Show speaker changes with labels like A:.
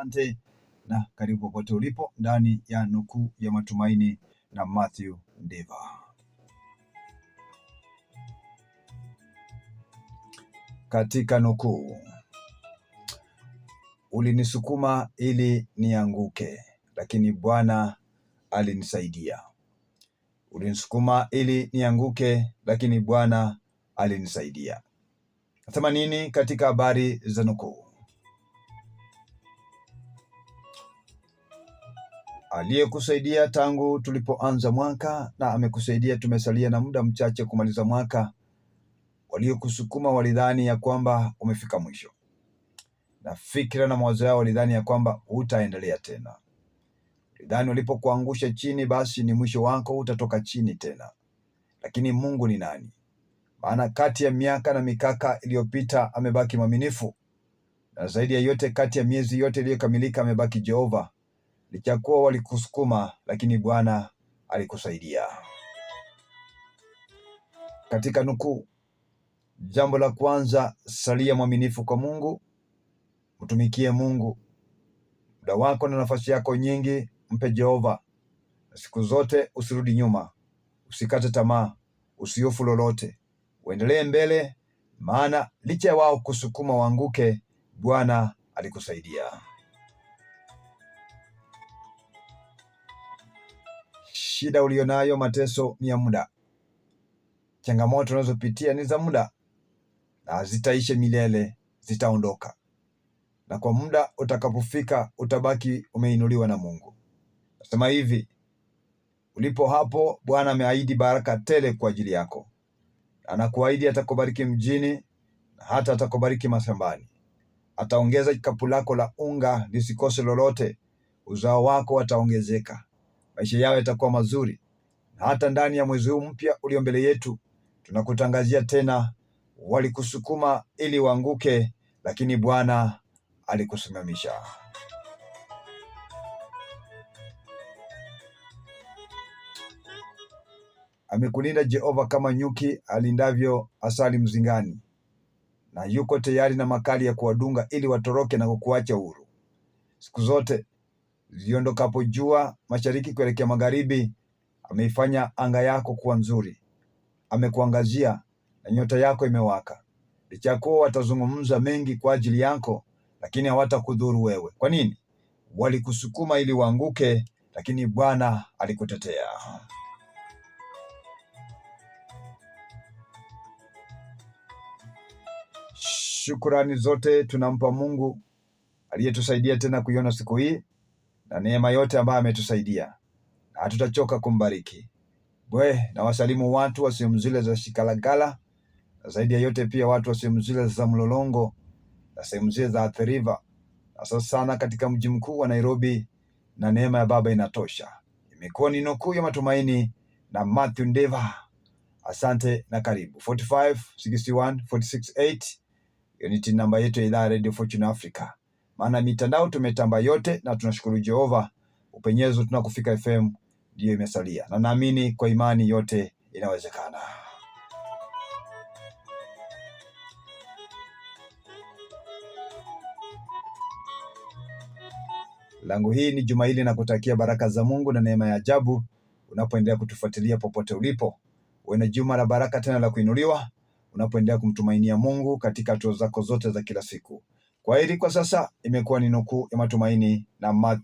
A: asante na karibu popote ulipo ndani ya Nukuu ya Matumaini na Mathew Ndeva. Katika nukuu, ulinisukuma ili nianguke, lakini Bwana alinisaidia. Ulinisukuma ili nianguke, lakini Bwana alinisaidia. Nasema nini katika habari za nukuu? aliyekusaidia tangu tulipoanza mwaka na amekusaidia. Tumesalia na muda mchache kumaliza mwaka. Waliokusukuma walidhani ya kwamba umefika mwisho, na fikira na mawazo yao walidhani ya kwamba hutaendelea tena. Walidhani walipokuangusha chini, basi ni mwisho wako, utatoka chini tena. Lakini Mungu ni nani? Maana kati ya miaka na mikaka iliyopita amebaki mwaminifu, na zaidi ya yote, kati ya miezi yote iliyokamilika amebaki Jehova licha kuwa walikusukuma, lakini Bwana alikusaidia. Katika nukuu, jambo la kwanza, salia mwaminifu kwa Mungu, mtumikie Mungu. Muda wako na nafasi yako nyingi mpe Jehova, na siku zote usirudi nyuma, usikate tamaa, usiofu lolote, uendelee mbele, maana licha ya wao kusukuma waanguke, Bwana alikusaidia. shida ulionayo, mateso ni ya muda, changamoto unazopitia ni za muda na zitaisha milele, zitaondoka, na kwa muda utakapofika utabaki umeinuliwa na Mungu. Nasema hivi, ulipo hapo, Bwana ameahidi baraka tele kwa ajili yako. Anakuahidi atakubariki mjini na hata atakubariki mashambani. Ataongeza kikapu lako la unga lisikose lolote, uzao wako wataongezeka maisha yao yatakuwa mazuri. Na hata ndani ya mwezi huu mpya ulio mbele yetu, tunakutangazia tena, walikusukuma ili uanguke, lakini Bwana alikusimamisha. Amekulinda Jehova kama nyuki alindavyo asali mzingani, na yuko tayari na makali ya kuwadunga ili watoroke na kukuacha huru. Siku zote liondokapo jua mashariki kuelekea magharibi. Ameifanya anga yako kuwa nzuri, amekuangazia na nyota yako imewaka. Licha kuwa watazungumza mengi kwa ajili yako, lakini hawatakudhuru wewe. Kwa nini? Walikusukuma ili uanguke, lakini Bwana alikutetea. Shukurani zote tunampa Mungu aliyetusaidia tena kuiona siku hii na neema yote ambayo ametusaidia, na hatutachoka kumbariki. Bwe na wasalimu watu wa sehemu zile za Shikalagala, na zaidi ya yote pia watu wa sehemu zile za Mlolongo na sehemu zile za Athi River, na sasa sana katika mji mkuu wa Nairobi. Na neema ya Baba inatosha. Imekuwa ni nukuu ya matumaini na Matthew Ndeva. Asante na karibu. 45 61 46 8 hiyo ni namba yetu ya idhaa ya Radio Fortune Africa maana mitandao tumetamba yote, na tunashukuru Jehova, upenyezo tunakufika FM ndiyo imesalia, na naamini kwa imani yote inawezekana. Langu hii ni juma hili, na kutakia baraka za Mungu na neema ya ajabu unapoendelea kutufuatilia popote ulipo. Uwe na juma la baraka tena la kuinuliwa unapoendelea kumtumainia Mungu katika hatua zako zote za kila siku kwa hili kwa sasa imekuwa ni nukuu ya matumaini na mati.